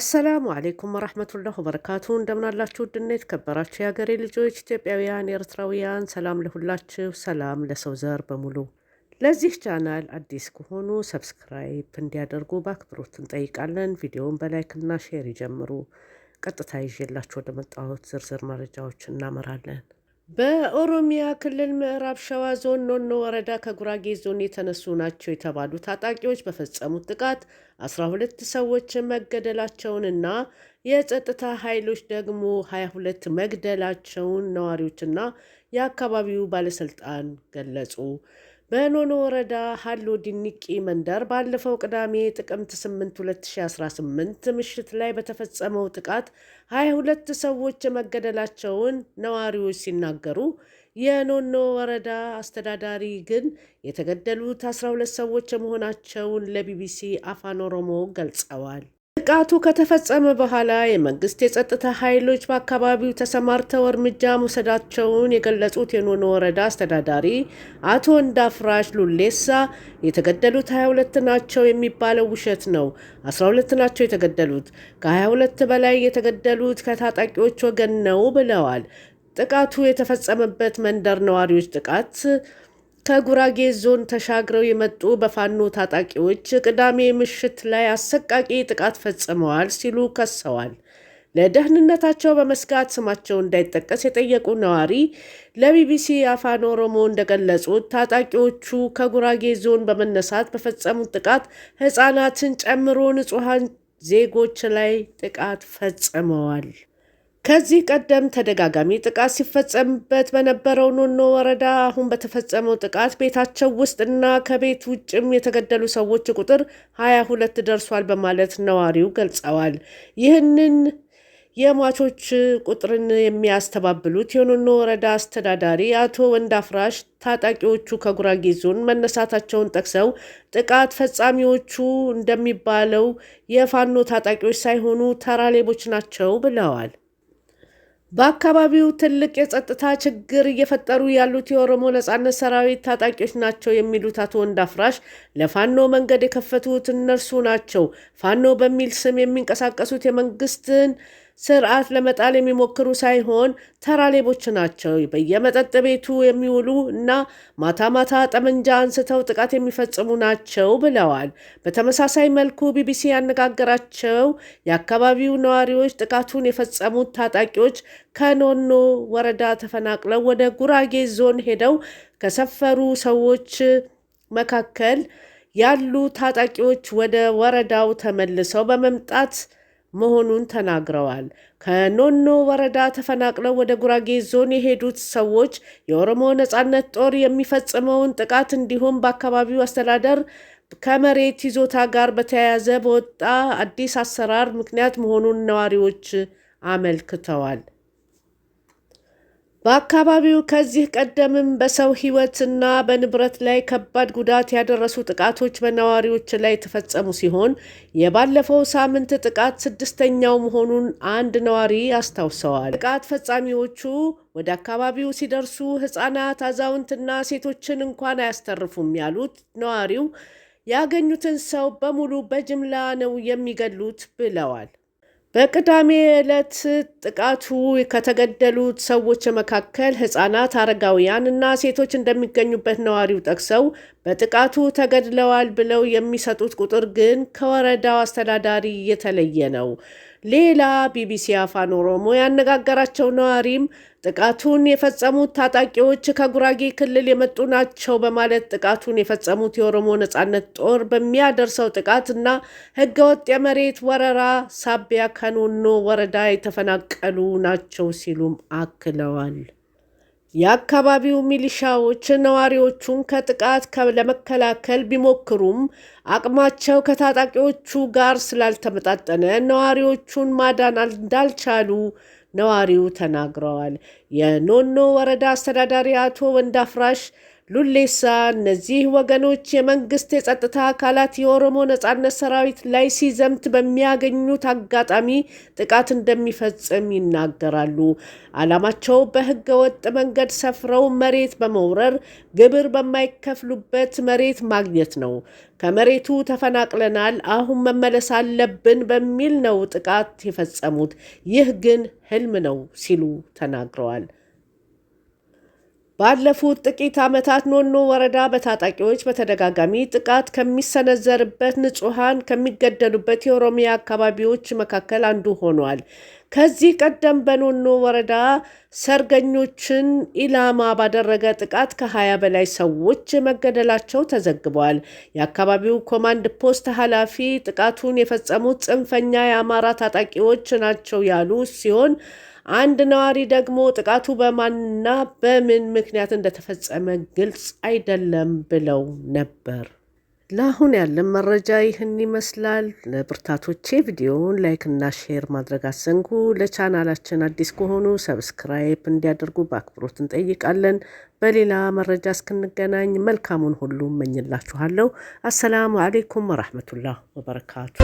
አሰላሙ አሌይኩም ወረሕመቱላህ ወበረካቱ። እንደምናላችሁ ውድና የተከበራችሁ የሀገሬ ልጆች ኢትዮጵያውያን፣ ኤርትራውያን፣ ሰላም ለሁላችሁ፣ ሰላም ለሰው ዘር በሙሉ። ለዚህ ቻናል አዲስ ከሆኑ ሰብስክራይብ እንዲያደርጉ በአክብሮት እንጠይቃለን። ቪዲዮውን በላይክና ሼር ይጀምሩ። ቀጥታ ይዤላችሁ ወደ መጣሁት ዝርዝር መረጃዎች እናመራለን። በኦሮሚያ ክልል ምዕራብ ሸዋ ዞን ኖኖ ወረዳ ከጉራጌ ዞን የተነሱ ናቸው የተባሉ ታጣቂዎች በፈጸሙት ጥቃት 12 ሰዎች መገደላቸውንና የጸጥታ ኃይሎች ደግሞ 22 መግደላቸውን ነዋሪዎችና የአካባቢው ባለሥልጣን ገለጹ። በኖኖ ወረዳ ሀሎ ዲኒቂ መንደር ባለፈው ቅዳሜ ጥቅምት 8 2018 ምሽት ላይ በተፈጸመው ጥቃት 22 ሰዎች መገደላቸውን ነዋሪዎች ሲናገሩ የኖኖ ወረዳ አስተዳዳሪ ግን የተገደሉት 12 ሰዎች መሆናቸውን ለቢቢሲ አፋን ኦሮሞ ገልጸዋል። ጥቃቱ ከተፈጸመ በኋላ የመንግስት የጸጥታ ኃይሎች በአካባቢው ተሰማርተው እርምጃ መውሰዳቸውን የገለጹት የኖኖ ወረዳ አስተዳዳሪ አቶ እንዳፍራሽ ሉሌሳ የተገደሉት 22 ናቸው የሚባለው ውሸት ነው፣ 12 ናቸው የተገደሉት፣ ከ22 በላይ የተገደሉት ከታጣቂዎች ወገን ነው ብለዋል። ጥቃቱ የተፈጸመበት መንደር ነዋሪዎች ጥቃት ከጉራጌ ዞን ተሻግረው የመጡ በፋኖ ታጣቂዎች ቅዳሜ ምሽት ላይ አሰቃቂ ጥቃት ፈጽመዋል ሲሉ ከሰዋል። ለደህንነታቸው በመስጋት ስማቸው እንዳይጠቀስ የጠየቁ ነዋሪ ለቢቢሲ አፋን ኦሮሞ እንደገለጹት ታጣቂዎቹ ከጉራጌ ዞን በመነሳት በፈጸሙት ጥቃት ሕፃናትን ጨምሮ ንጹሐን ዜጎች ላይ ጥቃት ፈጽመዋል። ከዚህ ቀደም ተደጋጋሚ ጥቃት ሲፈጸምበት በነበረው ኖኖ ወረዳ አሁን በተፈጸመው ጥቃት ቤታቸው ውስጥ እና ከቤት ውጭም የተገደሉ ሰዎች ቁጥር ሁለት ደርሷል በማለት ነዋሪው ገልጸዋል። ይህንን የሟቾች ቁጥርን የሚያስተባብሉት የኖኖ ወረዳ አስተዳዳሪ አቶ ወንዳፍራሽ ታጣቂዎቹ ከጉራጌ ዞን መነሳታቸውን ጠቅሰው ጥቃት ፈጻሚዎቹ እንደሚባለው የፋኖ ታጣቂዎች ሳይሆኑ ተራ ሌቦች ናቸው ብለዋል። በአካባቢው ትልቅ የጸጥታ ችግር እየፈጠሩ ያሉት የኦሮሞ ነጻነት ሰራዊት ታጣቂዎች ናቸው የሚሉት አቶ ወንዳፍራሽ ለፋኖ መንገድ የከፈቱት እነርሱ ናቸው። ፋኖ በሚል ስም የሚንቀሳቀሱት የመንግስትን ስርዓት ለመጣል የሚሞክሩ ሳይሆን ተራ ሌቦች ናቸው። በየመጠጥ ቤቱ የሚውሉ እና ማታ ማታ ጠመንጃ አንስተው ጥቃት የሚፈጽሙ ናቸው ብለዋል። በተመሳሳይ መልኩ ቢቢሲ ያነጋገራቸው የአካባቢው ነዋሪዎች ጥቃቱን የፈጸሙት ታጣቂዎች ከኖኖ ወረዳ ተፈናቅለው ወደ ጉራጌ ዞን ሄደው ከሰፈሩ ሰዎች መካከል ያሉ ታጣቂዎች ወደ ወረዳው ተመልሰው በመምጣት መሆኑን ተናግረዋል። ከኖኖ ወረዳ ተፈናቅለው ወደ ጉራጌ ዞን የሄዱት ሰዎች የኦሮሞ ነጻነት ጦር የሚፈጽመውን ጥቃት እንዲሁም በአካባቢው አስተዳደር ከመሬት ይዞታ ጋር በተያያዘ በወጣ አዲስ አሰራር ምክንያት መሆኑን ነዋሪዎች አመልክተዋል። በአካባቢው ከዚህ ቀደምም በሰው እና በንብረት ላይ ከባድ ጉዳት ያደረሱ ጥቃቶች በነዋሪዎች ላይ የተፈጸሙ ሲሆን የባለፈው ሳምንት ጥቃት ስድስተኛው መሆኑን አንድ ነዋሪ አስታውሰዋል። ጥቃት ፈጻሚዎቹ ወደ አካባቢው ሲደርሱ ሕፃናት፣ አዛውንትና ሴቶችን እንኳን አያስተርፉም ያሉት ነዋሪው ያገኙትን ሰው በሙሉ በጅምላ ነው የሚገሉት ብለዋል። በቅዳሜ ዕለት ጥቃቱ ከተገደሉት ሰዎች መካከል ሕፃናት፣ አረጋውያን እና ሴቶች እንደሚገኙበት ነዋሪው ጠቅሰው በጥቃቱ ተገድለዋል ብለው የሚሰጡት ቁጥር ግን ከወረዳው አስተዳዳሪ የተለየ ነው። ሌላ ቢቢሲ አፋን ኦሮሞ ያነጋገራቸው ነዋሪም ጥቃቱን የፈጸሙት ታጣቂዎች ከጉራጌ ክልል የመጡ ናቸው በማለት ጥቃቱን የፈጸሙት የኦሮሞ ነጻነት ጦር በሚያደርሰው ጥቃት እና ህገወጥ የመሬት ወረራ ሳቢያ ከኖኖ ወረዳ የተፈናቀሉ ናቸው ሲሉም አክለዋል። የአካባቢው ሚሊሻዎች ነዋሪዎቹን ከጥቃት ለመከላከል ቢሞክሩም አቅማቸው ከታጣቂዎቹ ጋር ስላልተመጣጠነ ነዋሪዎቹን ማዳን እንዳልቻሉ ነዋሪው ተናግረዋል። የኖኖ ወረዳ አስተዳዳሪ አቶ ወንዳፍራሽ ሉሌሳ እነዚህ ወገኖች የመንግስት የጸጥታ አካላት የኦሮሞ ነጻነት ሰራዊት ላይ ሲዘምት በሚያገኙት አጋጣሚ ጥቃት እንደሚፈጽም ይናገራሉ። ዓላማቸው በህገ ወጥ መንገድ ሰፍረው መሬት በመውረር ግብር በማይከፍሉበት መሬት ማግኘት ነው። ከመሬቱ ተፈናቅለናል፣ አሁን መመለስ አለብን በሚል ነው ጥቃት የፈጸሙት። ይህ ግን ህልም ነው ሲሉ ተናግረዋል። ባለፉት ጥቂት ዓመታት ኖኖ ወረዳ በታጣቂዎች በተደጋጋሚ ጥቃት ከሚሰነዘርበት፣ ንጹሐን ከሚገደሉበት የኦሮሚያ አካባቢዎች መካከል አንዱ ሆኗል። ከዚህ ቀደም በኖኖ ወረዳ ሰርገኞችን ኢላማ ባደረገ ጥቃት ከ20 በላይ ሰዎች መገደላቸው ተዘግቧል። የአካባቢው ኮማንድ ፖስት ኃላፊ ጥቃቱን የፈጸሙት ጽንፈኛ የአማራ ታጣቂዎች ናቸው ያሉ ሲሆን አንድ ነዋሪ ደግሞ ጥቃቱ በማንና በምን ምክንያት እንደተፈጸመ ግልጽ አይደለም ብለው ነበር። ለአሁን ያለን መረጃ ይህን ይመስላል። ለብርታቶቼ ቪዲዮውን ላይክ እና ሼር ማድረግ አትዘንጉ። ለቻናላችን አዲስ ከሆኑ ሰብስክራይብ እንዲያደርጉ በአክብሮት እንጠይቃለን። በሌላ መረጃ እስክንገናኝ መልካሙን ሁሉ እመኝላችኋለሁ። አሰላሙ አሌይኩም ወራህመቱላህ ወበረካቱ።